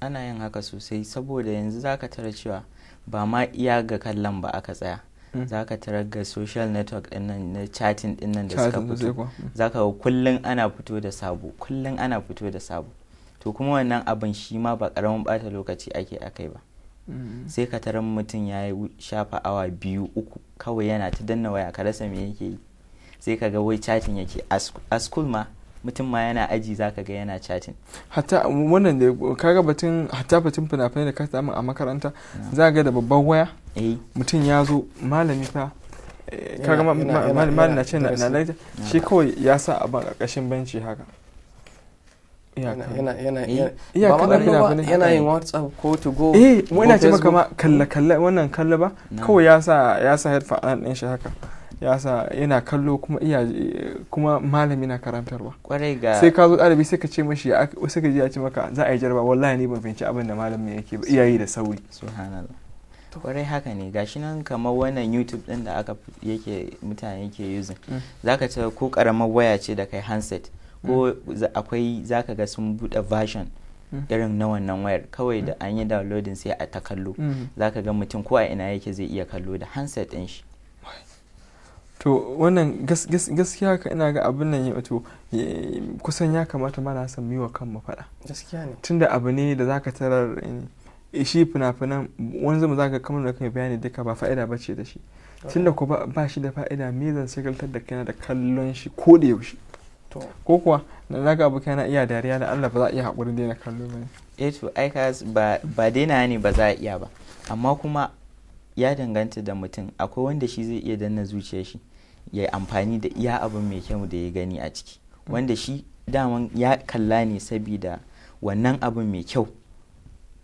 ana yin haka sosai saboda yanzu zaka tara cewa ba ma iya ga kallon ba aka tsaya mm. zaka tara ga social network dinnan na chatting dinnan da suka fito mm. zaka ga kullun ana fito da sabo kullun ana fito da sabo to kuma wannan abin shi ma ba karamin bata lokaci ake akai ba mm. sai ka tarar mutum ya shafa awa biyu uku kawai yana ta danna waya ka rasa me yake yi sai ka ga wai chatting yake a school ma mutum ma yana aji zaka ga yana chatting hatta wannan da kaga batun hatta batun fina-finai da ka samu a makaranta ah. za ga da babban waya eh. mutum ya zo malami fa eh, kaga malami na ce na laita ah. shi kawai ya sa a ban ƙarƙashin benci haka yana yin whatsapp ko to go eh wani ce maka ma kalla wannan kalla ba kawai ya sa ya sa headphone ɗin shi haka yasa yana kallo kuma iya kuma malami na karantarwa kwarai ga sai ka zo ɗalibi sai ka ce mashi sai ka ji ya ce maka za a yi jarba wallahi ni ban fahimci abin da malami yake ba iyayi da sauri kwarai haka ne gashi nan kamar wannan youtube din da aka yake mutane ke using mm. zaka ce ko karamar waya ce da kai handset mm. ko akwai zaka ga sun bude version mm. irin na wannan wayar kawai da an yi downloading sai a ta kallo zaka ga mutum ko a ina yake zai iya kallo da handset din shi to wannan gaskiya ka ina ga abin nan wato kusan ya kamata mana san miwa kan mafaɗa gaskiya ne tunda abu ne da zaka tarar eh, shi fina-finan wani zama zaka kama da kai bayani duka ba fa'ida ba ce da shi tunda ko ba shi da fa'ida me zan shagaltar da kai da kallon shi ko da yaushe ko kuwa na zaga abu kana iya dariya da Allah ba za a iya haƙurin daina kallo ba ne eh to ai ba daina ne ba za a iya ba amma kuma ya danganta da mutum akwai wanda shi zai iya danna zuciyar shi ya amfani da iya abin mai kyau da ya gani a ciki wanda shi daman ya kalla ne saboda wannan abin mai kyau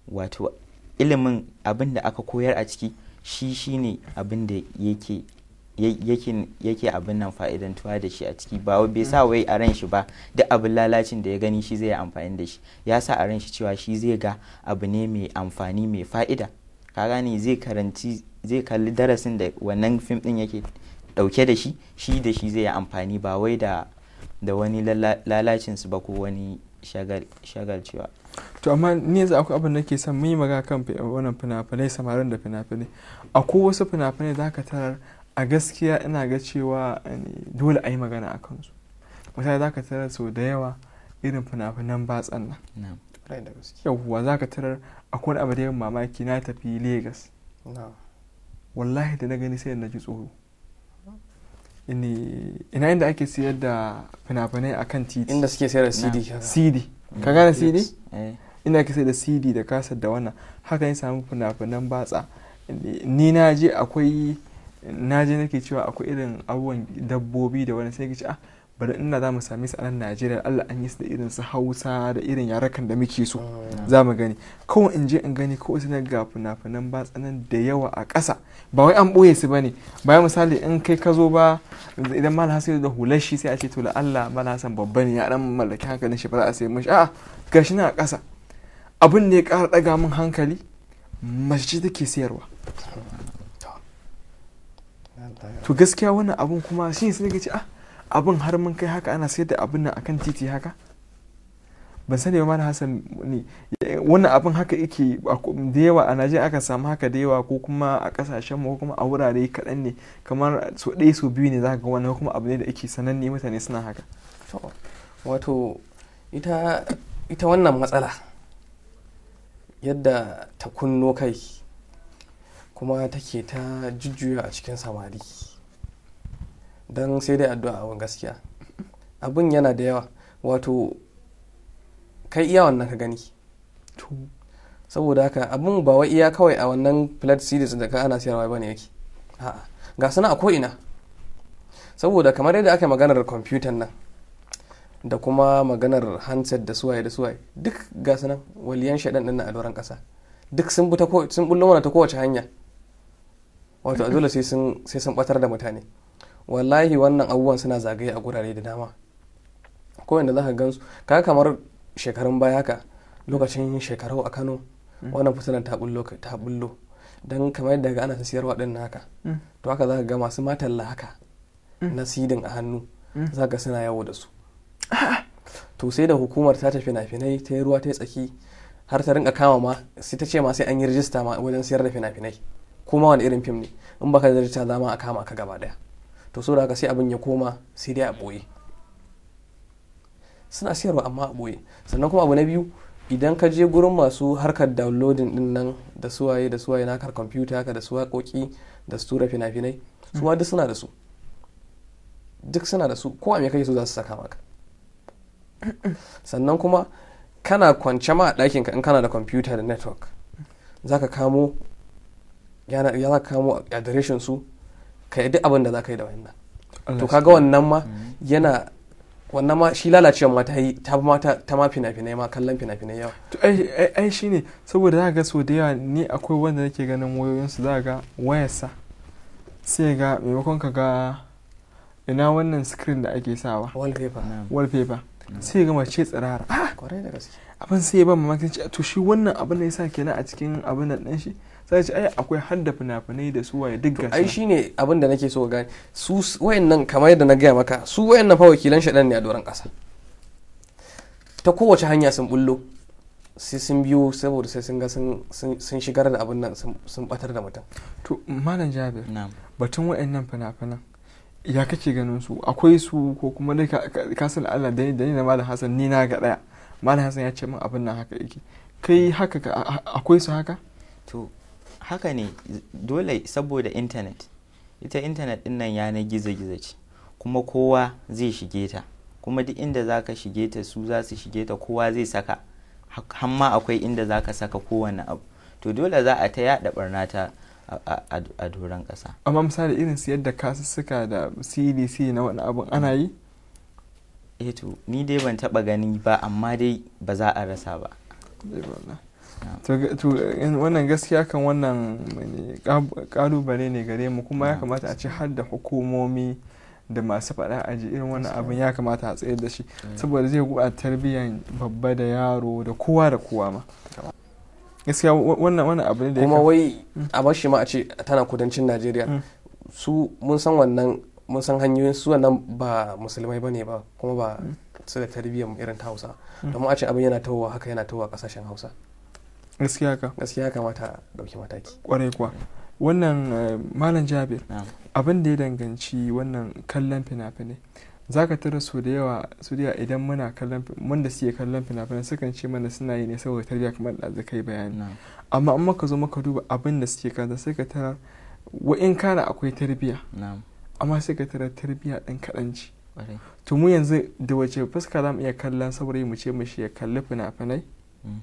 wato ilimin abin da aka koyar a ciki shi shine abin da yake yake abin nan fa'idantuwa da shi a ciki ba bai sa wai a ran shi ba duk abin lalacin da ya gani shi zai amfani da shi ya sa a ran shi cewa shi zai ga abu ne mai amfani mai fa'ida ka gane zai karanci zai kalli darasin da wannan fim din yake dauke da shi shi da shi zai yi amfani ba wai da da wani lalacin su ba ko wani shagalcewa to amma ni za akwai abin da ke son yi magana kan wannan fina-finai samarin da fina-finai akwai wasu fina-finai za ka tarar a gaskiya ina ga cewa eh, dole a yi magana a kansu misali za ka tarar sau da yawa irin fina-finan batsan nan yauwa za ka tarar akwai abu da yawan mamaki na tafi lagos wallahi da na gani sai na ji tsoro ina inda ake sayar da fina-finai a kan titi inda suke sayar da cd cd ka gane cd eh. ina ake sayar da cd da kasar da wannan haka ya samu fina-finan batsa ni na je akwai na je nake cewa akwai irin abubuwan dabbobi da wani sai ka ce ah bari ina za mu same su a najeriya allah an yi su da irin su hausa da irin yarakan da muke so mm. za mu gani kawai in je in gani ko sai na ga fina-finan tsanan da yawa a ƙasa ba wai an ɓoye su ba ne bayan misali in kai ka zo ba idan mal hasan da hular shi sai a ce to la allah mal hasan babba ne ya ɗan mallaki hankalin shi ba za a sai mashi a'a gashi na a ƙasa abin ne ya ƙara ɗaga min hankali mace take sayarwa to gaskiya wannan abun kuma shi ne sai ga ce ah abin har mun kai haka ana sayar da abin nan akan titi haka ban sani ba hassan ne wannan abin haka yake da yawa a najeriya aka samu haka da yawa ko kuma a kasashen mu ko kuma a wurare kaɗan ne kamar so ɗaya so biyu ne za ga wannan kuma abu ne da yake sananne mutane suna haka wato ita ita wannan matsala yadda ta kunno kai kuma take ta jujjuya a cikin samari don sai dai addu'a a gaskiya abin yana da yawa wato kai iya wannan ka gani saboda haka abin ba wai iya kawai a wannan flat series da ka ana siyarwa bane yake ga suna a koina ina saboda kamar yadda aka maganar kwamfutan nan da kuma maganar handset da suwaye da suwaye duk ga nan waliyan shaɗan ɗin a doron ƙasa duk sun bullo mana ta kowace hanya wato a dole sai sun ɓatar da mutane wallahi wannan abubuwan suna zagaye a gurare da dama ko wanda za ka gansu ka kamar shekarun baya haka lokacin shekarau a kano mm. wannan fitinan ta bullo ta bullo don kamar yadda ga ana ta siyarwa din haka mm. to haka za ka ga masu matan haka mm. na sidin a hannu za ka suna yawo da su ah. to sai da hukumar ta tafi finai ta yi ruwa ta yi tsaki har ta rinka kama ma sai ta ce ma sai an yi rijista ma wajen siyar da fina-finai kuma wani irin fim ne in baka da rijista zama zama a kama ka gaba daya to so da haka sai abin ya koma sai dai a ɓoye suna siyarwa amma a ɓoye sannan kuma abu na biyu idan ka je gurin masu harkar downloading din nan da suwaye da suwaye na kar kwamfuta haka da su waƙoƙi da su tura fina-finai su ma duk suna da su duk suna da su ko a me kake so za su saka maka sannan kuma kana kwance ma a ɗakin ka in kana da kwamfuta da network za ka kamo ya za ka kamo adireshin su ka yi duk abin da za ka yi da wannan to kaga wannan ma mm. yana wannan ma shi lalacewa ma ta yi ta ma ta ma fina-finai ma kallon fina-finai yawa to ai ai shine saboda za ga so da yawa ni akwai wanda nake ganin wayoyin su za ga wayarsa sai ga maimakon ka ga ina wannan screen da ake sawa wallpaper wallpaper sai ga mace tsirara ah! kwarai da gaske abin sai ya ba mamakin to shi wannan abin da yasa kenan a cikin abin nan shi sai ce ai akwai hadda fina-finai da su waye duk gasa ai shine abin da nake so gani su wayannan kamar yadda na gaya maka su wayannan fa wakilan shaɗan ne a doron ƙasa ta kowace hanya sun bullo sai sun biyo saboda sai sun ga sun shigar da abin nan sun batar da mutum to malam jabir batun wayannan fina-finan ya kake ganin su akwai su ko kuma dai ka san Allah da ni da malam Hassan ni na ga daya malam Hassan ya ce min abin nan haka yake kai haka akwai su haka to haka ne dole saboda intanet ita intanet din nan yanar gizo-gizo ce kuma kowa zai shige ta kuma duk inda za ka shige ta su za su shige ta kowa zai saka hamma akwai inda za ka saka kowane abu to dole za a ta yada barna ta a doron kasa amma misali irin su yadda kasussuka da cdc na wani abu ana yi eto eh ni dai ban taba gani ba amma dai ba za a rasa ba eh, to wannan gaskiya kan wannan kalubale ne gare mu kuma ya mm. kamata a ci har da hukumomi da masu faɗa aji irin wannan abin ya kamata a tsayar da shi mm. saboda zai guba tarbiyyar babba da yaro da kowa da kowa ma gaskiya wannan wannan abu ne da kuma wai mm. a bashi ma a ce tana kudancin najeriya su mun san wannan mun san hanyoyin su wannan ba musulmai ba ne ba kuma ba su da tarbiyyar irin ta hausa domin a ce abin yana tawowa haka yana tawowa kasashen hausa gaskiya ka gaskiya kamata dauki mataki kwarai kuwa wannan eh, malam jabir abin da ya danganci wannan kallon fina-finai za ka tara su da yawa su da idan muna kallon wanda suke kallon fina-finai sukan ce mana suna yi ne saboda tarbiyya kamar da yi bayani amma an maka zo maka duba abin da suke kaza sai ka tara wa'in kana akwai tarbiyya amma sai ka tara tarbiyya ɗan kaɗan ce to mu yanzu da wace fuska za mu iya kallon saurayi mu ce mu shi ya kalli fina-finai mm.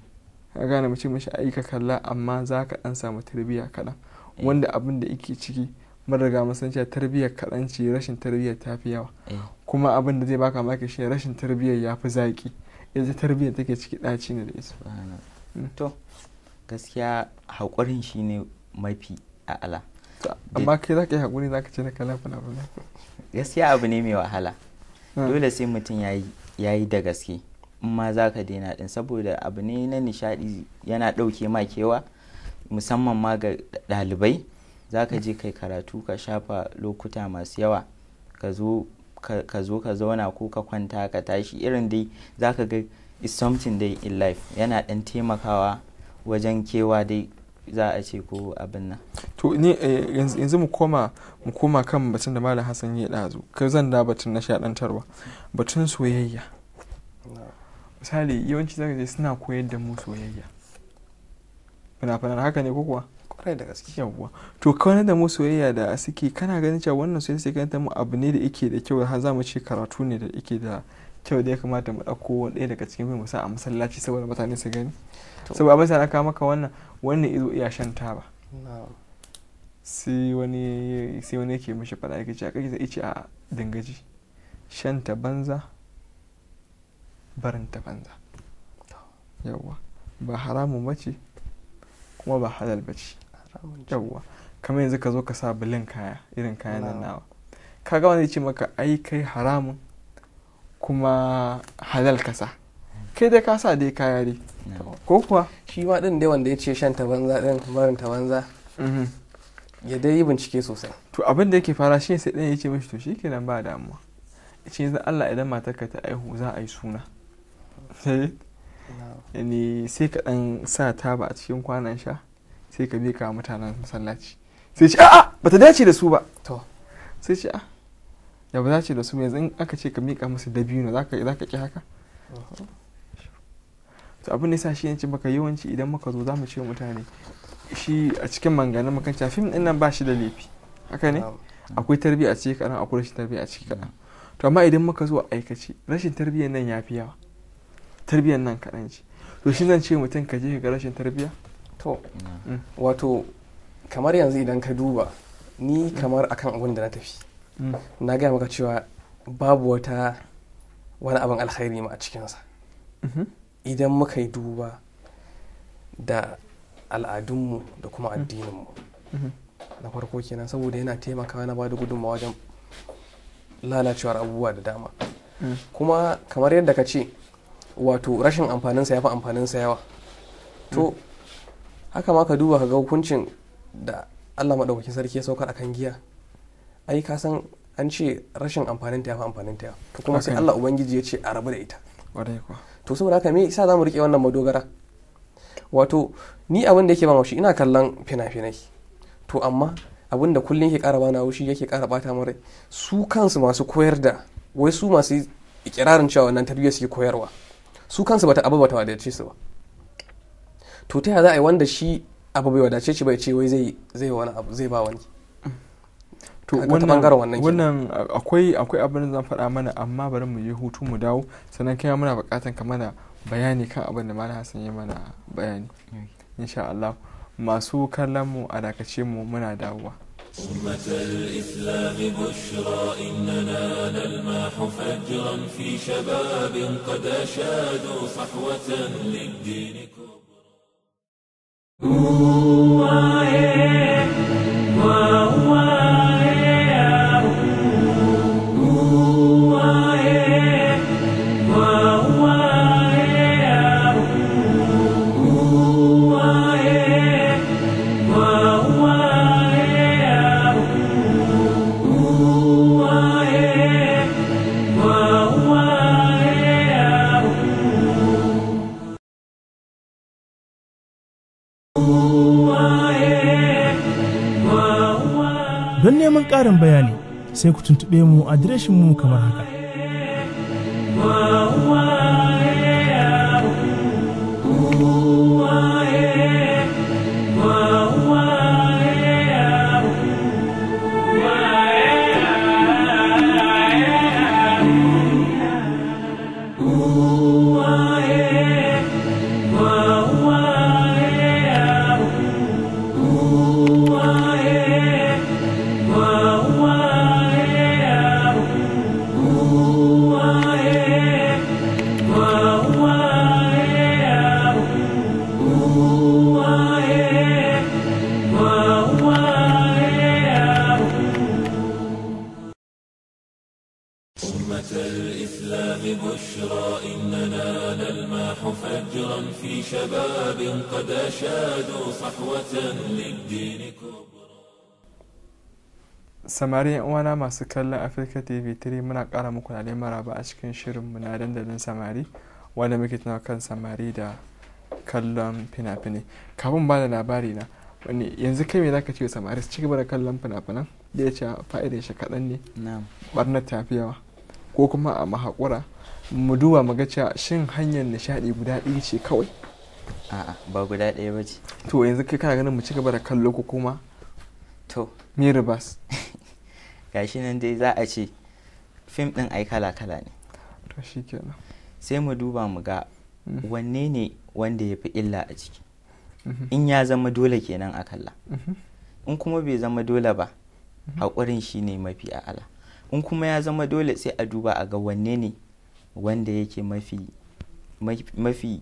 ka gane mace mashi ai ka kalla amma za ka dan samu tarbiyya kaɗan eh. wanda abin da yake ciki mun riga mun san cewa tarbiyyar kaɗan ce rashin tarbiyyar ta fi yawa eh. kuma abin da zai baka maki shi rashin tarbiyyar ya fi zaƙi yanzu tarbiyyar take ciki ɗaci ne da isu. Hmm. to gaskiya haƙurin shi ne mafi a'ala amma kai za ka yi haƙuri za ka ce na kala fana gaskiya abu ne mai wahala hmm. dole sai mutum ya yi da gaske ma za ka daina din saboda abu ne na nishaɗi yana ɗauke ma kewa musamman ma ga ɗalibai za ka je kai karatu ka shafa lokuta masu yawa ka zo ka zo ka zauna ko ka kwanta ka tashi irin dai za ka ga is something dai in life yana ɗan taimakawa wajen kewa dai za a ce ko abin nan. To ni eh, yanzu mu koma mu koma kan batun da Malam Hassan ya ɗazu, kai zan da batun na shaɗantarwa, batun soyayya. misali yawanci zaka je suna koyar da mu soyayya fana-fana haka ne kuwa kwarai da gaske yawwa to kawai da mu soyayya da suke kana ganin cewa wannan soyayya sai kanta mu abu ne da yake da kyau har zamu ce karatu ne da yake da kyau da ya kamata mu ɗauko daya daga cikin mu sa a masallaci saboda mutane su gani saboda abin sa na kawo maka wannan wannan izo iya shan taba sai wani sai wani yake mishi faɗa yake ce a kake sai a dangaji shanta banza barinta banza yawwa ba haramun mace kuma ba halal ba ce yawwa kamar yanzu ka zo ka sa bilin kaya irin kayan nan nawa ga wani ce maka ai kai haramun kuma halal ka sa kai dai ka sa dai kaya dai ko kuwa shi ma din dai wanda ya ce shan tabanza banza din barin ta banza mm-hmm. ya dai yi bincike sosai to abin da yake fara shi sai dan ya ce mashi to shi kenan ba damuwa ce yanzu Allah idan matarka ta aihu za a yi suna Eh? ne sai ka dan sa taba a cikin kwanan sha sai ka ka mutanen masallaci sai ce a'a ba ta dace da su ba to sai ce a da ba dace da su yanzu in aka ce ka mika musu dabino za ka ki haka to abin da sa shi yanci maka yawanci idan muka zo za mu ce mutane shi a cikin manganin makanta fim din nan ba shi da laifi haka ne akwai tarbiyya a ciki kaɗan akwai rashin tarbiyya a ciki kaɗan mm. to amma idan muka zo a aikace rashin tarbiyyar nan ya fi yawa tarbiyyar nan kaɗan ce to shi zan ce mutum ka je ga rashin tarbiyya to mm. wato kamar yanzu idan ka duba ni mm. kamar akan abin da na tafi mm. na gaya maka cewa babu wata wani abin alkhairi ma a cikinsa mm-hmm. idan muka yi duba da al'adunmu da kuma addininmu mm-hmm. na farko kenan saboda yana taimakawa na ba da gudunmawa wajen lalacewar abubuwa da dama kuma kamar yadda ka ce wato rashin amfaninsa ya fi amfaninsa yawa to haka ma ka duba ka ga hukuncin da allah maɗaukakin sarki ya saukar kan giya ai ka san an ce rashin amfaninta ya fi amfaninta yawa to kuma sai allah ubangiji ya ce a rabu da ita to saboda haka me yasa za mu riƙe wannan madogara wato ni abin da yake ba maushi ina kallon fina-finai to amma abin da kullum yake ƙara bana haushi yake ƙara bata mara su kansu masu koyar da wai su masu ikirarin cewa wannan tarbiyyar suke koyarwa su kansu bata abu bata wadace su ba to ta za a yi wanda shi abu bai wadace shi bai ce wai zai zai wani abu zai ba wani to wannan wannan akwai akwai abin da zan faɗa mana amma bari mu yi hutu mu dawo sannan kai muna buƙatan ka mana bayani kan abin da malam Hassan ya mana bayani insha Allah masu kallon mu a dakace mu muna dawowa أمة الإسلام بشرى إننا نلماح فجرا في شباب قد أشادوا صحوة للدين كبرى ah, ah. wannan bayani sai ku tuntuɓe mu adireshin mu kamar haka. وشادوا صحوة للدين samari uwana masu kallon afirka tv 3 muna kara muku na maraba a cikin shirin na dandalin samari wanda muke tunawa kan samari da kallon fina-finai kafin ba da labari na wani yanzu kai me zaka ce samari su ci gaba da kallon fina-finan da ya ce fa'idar shi kaɗan ne barnar tafi ko kuma a mahaƙura mu duba mu ga cewa shin hanyar nishaɗi guda ɗaya ce kawai a'a ba guda ɗaya ba ce to yanzu kai kana ganin mu ci gaba da kallo ko kuma to me ribas gashi nan dai za a ce fim ɗin ai kala kala ne to shikenan sai mu duba mu ga mm. wanne ne wanda ya fi illa a ciki mm-hmm. in ya zama dole kenan a kalla mm-hmm. in kuma bai zama dole ba mm-hmm. haƙurin shi ne mafi a'ala in kuma ya zama dole sai a duba a ga wanne ne wanda yake mafi mafi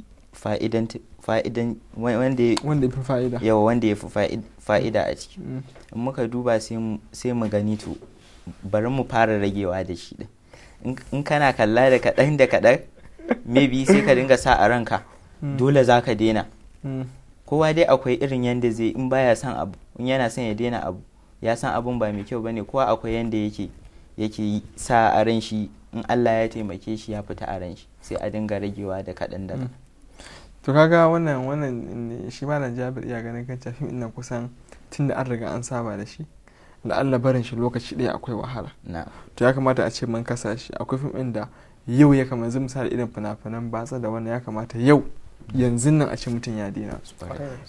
fa'idan wanda ya fi fa'ida yawa wanda ya fi fa'ida a ciki mm. in muka duba sai mu gani to bari mu fara ragewa da shi din in kana kalla da kaɗan da kaɗan maybe sai ka dinga sa a ranka mm. dole za ka daina mm. kowa dai akwai irin yanda zai in baya son abu in yana son ya daina abu ya san abun ba mai kyau ba ne kowa akwai yanda yake yake sa a ran shi in Allah ya taimake shi ya fita a ran shi sai a dinga ragewa da kaɗan da kaɗan to kaga wannan wannan shi malam jabir iya ganin kan fim ina kusan tun an riga an saba da shi da allah barin shi lokaci ɗaya akwai wahala to ya kamata a ce mun kasa shi akwai fim ɗin da yau ya kamata misali irin fina-finan batsa da wannan ya kamata yau yanzu nan a ce mutum ya daina su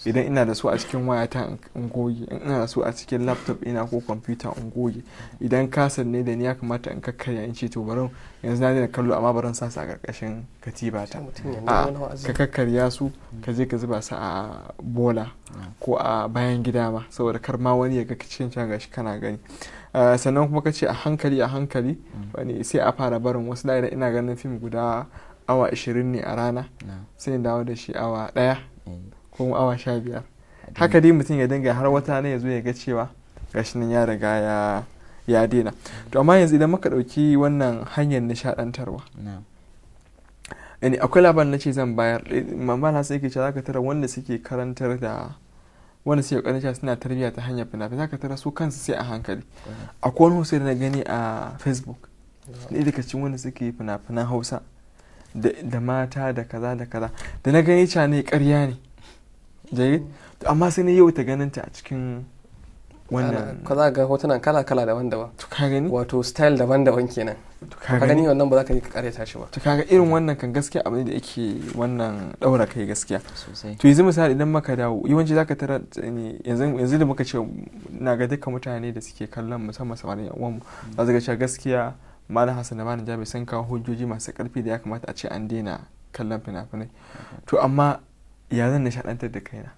idan ina da su a cikin wayata in goge in ina da su a cikin laptop ina ko kwamfuta in goge idan kasar ne da ni ya kamata in kakkarya in ce to barin yanzu na daina kallo amma barin sa su a karkashin katiba ta ka kakkarya su ka je ka zuba su a bola ko a bayan gida ma saboda kar ma wani ya ga cikin gashi kana gani sannan kuma ka ce a hankali a hankali mm. sai a fara barin wasu da ina ganin fim guda awa 20 ne a rana sai dawo da shi awa daya ko awa biyar haka dai mutum ya dinga har wata ne ya zo ya ga cewa gashi ya riga ya ya daina to amma yanzu idan muka ɗauki wannan hanyar nishadantarwa akwai labarin na ce zan bayar eh, mamana sai ke cewa zaka tara wanda suke karantar da wanda suke ƙoƙarin cewa suna tarbiyya ta hanyar fina-finai zaka tara su kansu sai a hankali akwai wani hausa da na gani a facebook ɗaya daga wanda suke fina-finan hausa da mata da kaza da kaza da na gani ca ne karya ne jayi amma sai na yau ta ganin ta a cikin wannan ka za ga hotunan kala kala daban daban to ka gani wato style daban daban kenan to ka gani wannan ba za ka yi kare ta shi ba to ga irin wannan kan gaskiya abin da yake wannan daura kai gaskiya to yanzu misali idan maka dawo yawanci zaka tara yanzu yanzu da muka ce na ga dukkan mutane da suke kallon musamman samarin yan uwan mu za ga cewa gaskiya malam hassan da malam jami sun kawo hujjoji masu karfi da ya kamata a ce an daina kallon fina-finai to amma ya zan nishaɗantar da kaina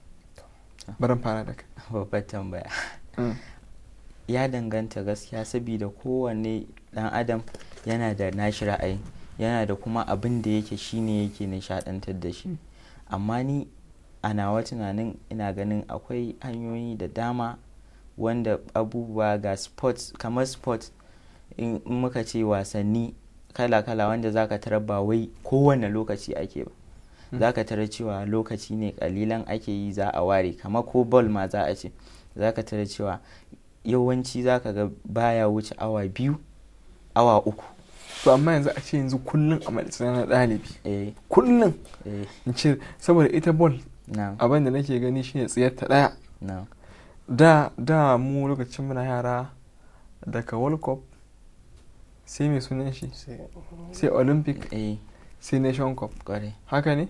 barin fara da kai babbar tambaya mm. ya danganta gaskiya saboda kowane dan adam yana da nashi ra'ayi yana da kuma abin da yake shine yake nishaɗantar da shi amma ni a nawa tunanin ina ganin akwai hanyoyi da dama wanda abubuwa ga sports kamar sports in muka ce wasanni kala-kala wanda za ka tara ba wai kowane lokaci ake ba hmm. za ka tara cewa lokaci ne kalilan ake yi za a ware kama ko bol ma za a ce za ka tara cewa yawanci za ka ga baya wuce awa biyu awa uku to amma yanzu a ce yanzu kullum a matsayina na ɗalibi eh. kullum eh. in ce saboda ita bol abin da nake gani shine tsayar ta ɗaya da da mu lokacin muna yara daga world cup sai mai sunan shi sai olympic eh. sai nation cup haka ne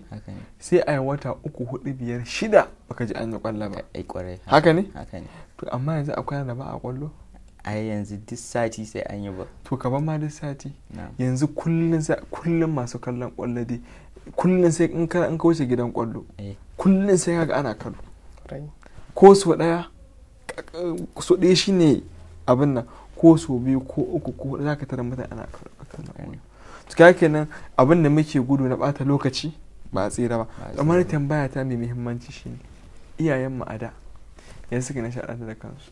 sai a yi wata uku hudu biyar shida baka ji an yi kwallo ba eh, haka ne to amma yanzu akwai da ba a kwallo a yanzu duk sati sai an yi ba to kaban ma duk sati yanzu kullum masu kallon kwallo dai kullum sai in ka wuce gidan kwallo eh. kullum sai kaga ana kallo ko su daya su ɗaya shine abin nan ko so biyu ko uku ko za ka tara mutane ana karɓar to ka kenan abin da muke gudu na bata lokaci ba a tsira ba amma tambaya ta mai muhimmanci shine iyayen mu a da yanzu suka na shaɗa da kansu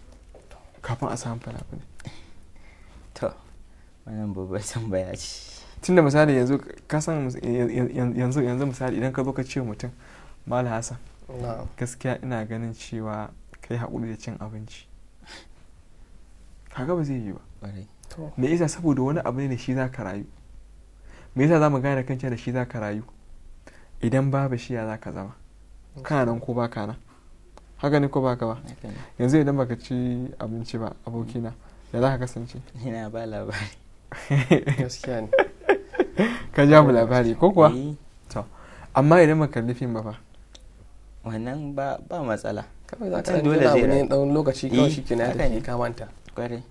kafin a samu fara ne to wannan babbar tambaya ce tunda misali yanzu ka san yanzu yanzu misali idan ka zo ka ce mutum mal hasan gaskiya ina ganin cewa kai haƙuri da cin abinci kaga ba zai yi ba me yasa saboda wani abu ne da shi za ka rayu me yasa za mu gane kan da shi za ka rayu idan babu shi ya za ka zama kana nan ko baka nan haka ne ko baka ba yanzu idan baka ci abinci ba abokina ya za ka kasance ina ba labari gaskiya ne ka ja mu labari ko kuwa eh. to amma idan baka kalli fim ba wannan ba matsala kawai za ka dole zai ne dan lokaci kawai eh, shi ke na da ka manta kwarai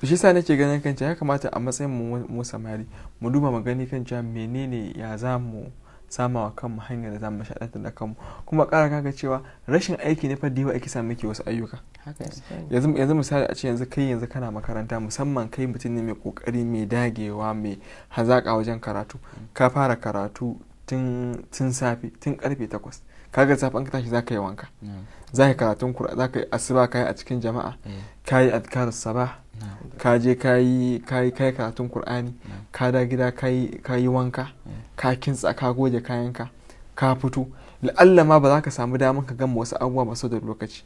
to shi sa nake ganin kan ya kamata a matsayin mu samari mu duba mu gani kan cewa menene ya za mu sama wa kanmu hanyar da za mu shaɗanta da kanmu kuma ƙara kaga cewa rashin aiki ne fa da yawa ake sa miki wasu ayyuka yanzu misali a ce yanzu kai yanzu kana makaranta musamman kai mutum ne mai kokari mai dagewa mai hazaƙa wajen karatu ka fara karatu tun safe tun karfe takwas kaga safe an ka tashi zaka yi wanka zaka karatun za zaka yi asuba yi a cikin jama'a eh. kai adkarar sabah ka je kai yi karatun kur'ani ka da gida kai yi wanka eh. ka kintsa ka goge kayanka ka fito la'alla ma ba za ka samu damar ka gama wasu abubuwa ba da lokaci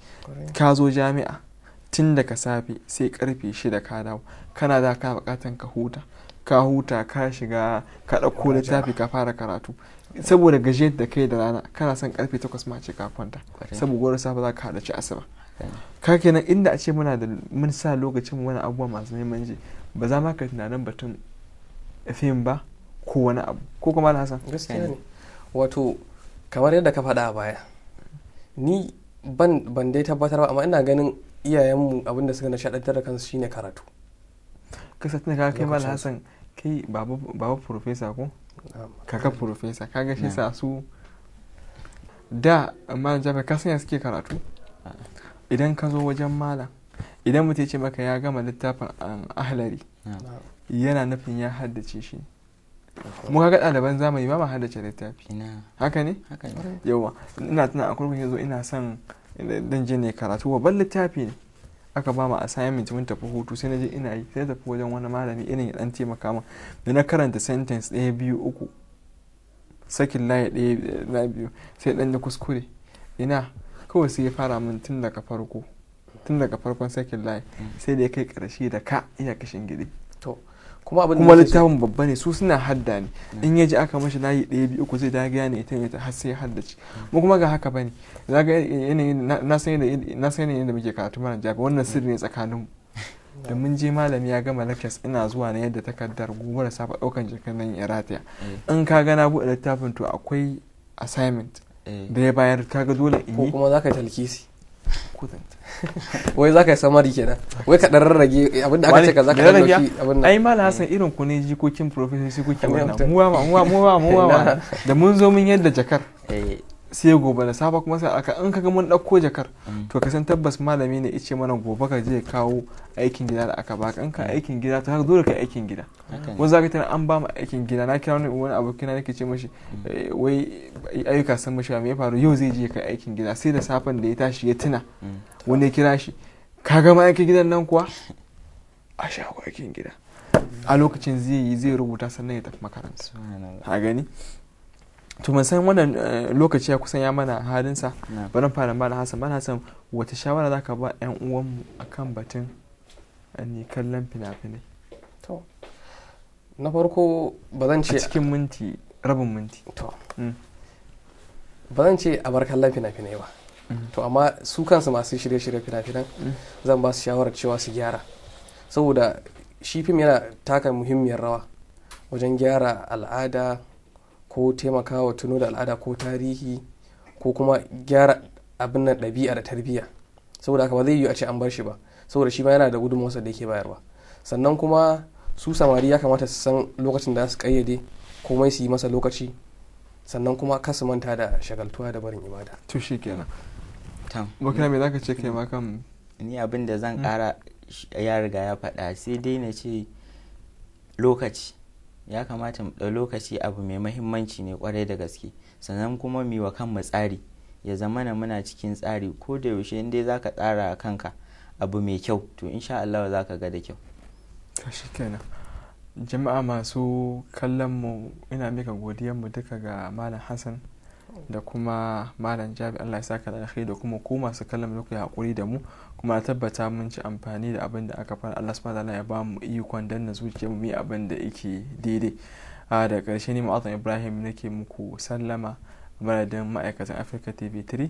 ka zo jami'a tun daga safe sai karfe shida ka dawo kana da ka bukatan ka huta ka huta ka shiga ka ɗauko littafi ka fara karatu saboda gajiyar da kai da rana kana son karfe 8 ma ce ka kwanta saboda gobe safe za ka hada ci asuba ka kenan inda a ce muna da mun sa lokacin wani abubuwa masu ji ba za ma ka tunanin batun fim ba ko wani abu ko kuma na hasan wato kamar yadda ka faɗa a baya ni ban dai tabbatar ba amma ina ganin iyayenmu abinda suka nishaɗantar da kansu shine karatu kasa tunaka kai mal hasan kai babu profesa ko kaga profesa kaga shi sa su da malam jami'a ka sanya suke karatu idan ka zo wajen malam idan mutum ya ce maka ya gama littafin um, ahlari yana nufin ya haddace shi mu kaga ɗaliban zamani ba ma haddace littafi haka ne yawa ina tuna a kurkun yanzu ina son dan eh, je ne karatu wa ban littafi ne aka ba mu assignment mun tafi hutu sai na je ina yi sai tafi wajen wani malami irin ya dan taimaka min da na karanta sentence ɗaya biyu uku sakin layi ɗaya na biyu sai dan ya kuskure ina kawai sai ya fara min tun daga farko tun daga farkon sakin layi mm. sai da ya kai karshe da ka iya kashin gidi kuma abin kuma littafin babba ne su suna hadda ne in ya ji aka mashi layi ɗaya biyu uku zai dagaya ne ita ta har sai hadda ci mu kuma ga haka bane za ga na san yadda muke karatu mana jafi wannan sirri ne tsakanin mu da mun je malami ya gama lectures ina zuwa na yadda takardar gobe da safa ɗaukan jakar nan ya rataya eh. in ka gana buɗe littafin to akwai assignment eh. da ya bayar kaga dole in yi ko kuma za ka talkisi wai za ka yi samari kenan wai ka ɗarar rage abin da aka ce ka za ka ɗarar rage abin ai mala hasan irin ku ne jikokin profesor su kuke wannan muwa muwa muwa ma da mun zo mun yadda jakar eh, sai gobe da safa kuma sai aka in kaga mun ɗauko jakar mm. to ka san tabbas malami ne ice mana gobe ka je kawo aikin gida da aka baka in ka mm. aikin gida to har dole ka aikin gida wani zaka tana an ba mu aikin gida na kira wani abokina nake ce mashi mm. eh, wai ayyuka san mashi me ya faru yau zai je ka aikin gida sai da safan da ya tashi ya tuna wani ya kira shi ka gama aikin gidan nan kuwa a shago aikin gida a lokacin zai yi zai rubuta sannan ya tafi makaranta a gani to mun san wannan eh, lokaci ya kusan ya mana halinsa bari fara mana hasan malam hasan wata shawara zaka ba yan uwanmu akan batun ne eh, kallon fina-finai to na farko ba zan ce cikin minti rabin minti to mm. ba zan ce a bar kallon fina-finai ba mm. to amma su kansu masu shirye-shirye fina-finan mm. zan ba su shawarar cewa su gyara saboda shi fim yana taka muhimmiyar rawa wajen gyara al'ada ko taimakawa tuno da al'ada ko tarihi ko kuma gyara abin nan ɗabi'a da tarbiyya saboda haka ba zai yiwu a ce an bar shi ba saboda shi ma yana da gudunmawarsa da yake bayarwa sannan kuma su samari ya kamata su san lokacin da su kayyade komai su yi masa lokaci sannan kuma kasu manta da shagaltuwa da barin ibada to shi kenan bakina me zaka ce kai ma kan ni abin da zan kara hmm? ya riga ya faɗa sai dai na ce lokaci ya kamata mu ɗau lokaci abu mai mahimmanci ne kwarai da gaske sannan kuma mu wa kanmu tsari ya zamana muna cikin tsari ko da yaushe in dai zaka tsara a kanka abu mai kyau to insha Allah za ka ga da kyau shi kenan jama'a masu kallon mu ina mika godiyar mu duka ga malam Hassan da kuma malam Jabi Allah ya saka da da kuma ku masu kallon mu ku hakuri da mu kuma a tabbata mun ci amfani da abin da aka fara Allah subhanahu wataala ya ba mu ikon danna zuciya mu yi abin da yake daidai a da karshe ne ma'azan ibrahim nake muku sallama madadin ma'aikatan africa tv 3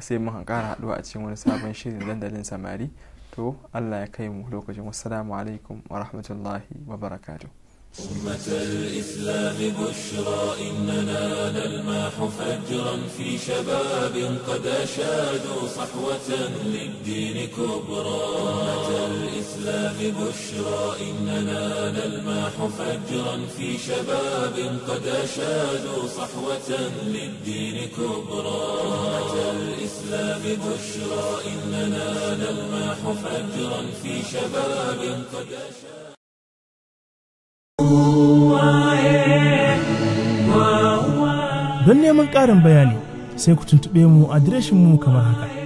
sai mun kara haduwa a cikin wani sabon shirin dandalin samari to allah ya kai mu lokacin wassalamu alaikum wa rahmatullahi wa barakatuh أمة الإسلام بشرى إننا نلمح فجرا في شباب قد أشادوا صحوة للدين كبرى أمة الإسلام بشرى إننا نلمح فجرا في شباب قد أشادوا صحوة للدين كبرى الإسلام بشرى إننا نلمح فجرا في شباب قد أشادوا don neman ƙarin bayani sai ku tuntuɓe mu adireshin mu kamar haka.